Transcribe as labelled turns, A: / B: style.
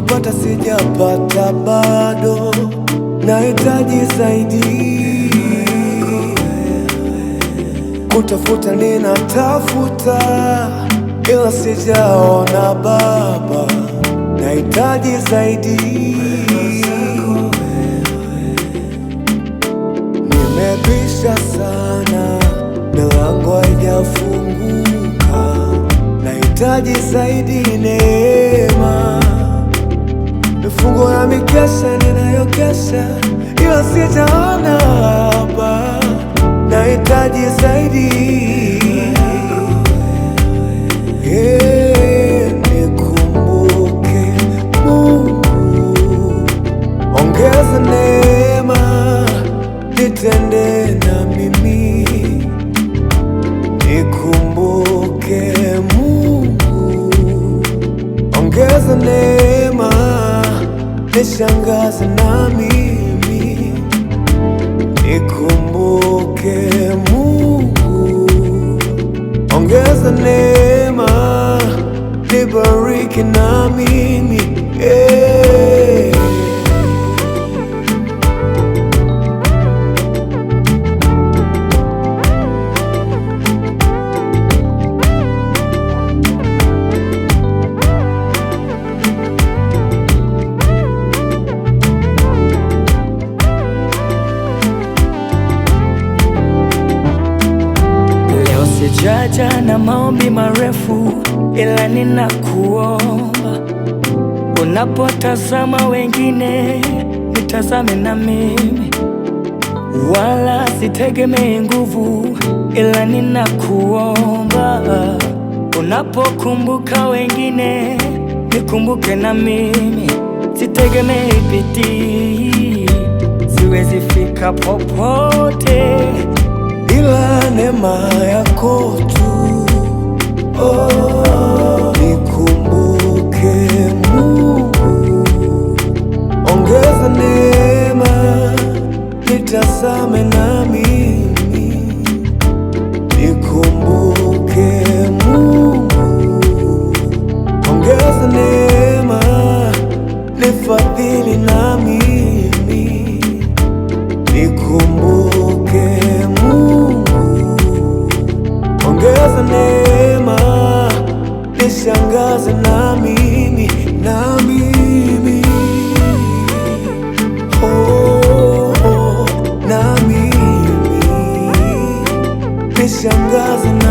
A: kupata sijapata bado, nahitaji zaidi kutafuta, ninatafuta ila sijaona Baba, nahitaji zaidi. Nimebisha sana, milango haijafunguka, nahitaji zaidi ne Fungo ya mikesha ninayokesha, ila sijaona hapa, nahitaji zaidi yeah, ee, nitende na mimi nikum nishangaza na mimi, nikumbuke Mungu, ongeza neema, nibariki na mimi
B: Sijaja na maombi marefu, ila ninakuomba, unapotazama wengine nitazame na mimi, wala sitegemee nguvu, ila ninakuomba, unapokumbuka wengine nikumbuke na mimi, sitegemee bidii, siwezi fika popote
A: bila neema yako tu oh, nikumbuke Mungu, ongeza neema, nitazame na mimi, nikumbuke Mungu, ongeza neema, nifadhili na mimi, nikumbuke Unishangaze na mimi, na mimi oh, oh, oh na mimi nishangaze na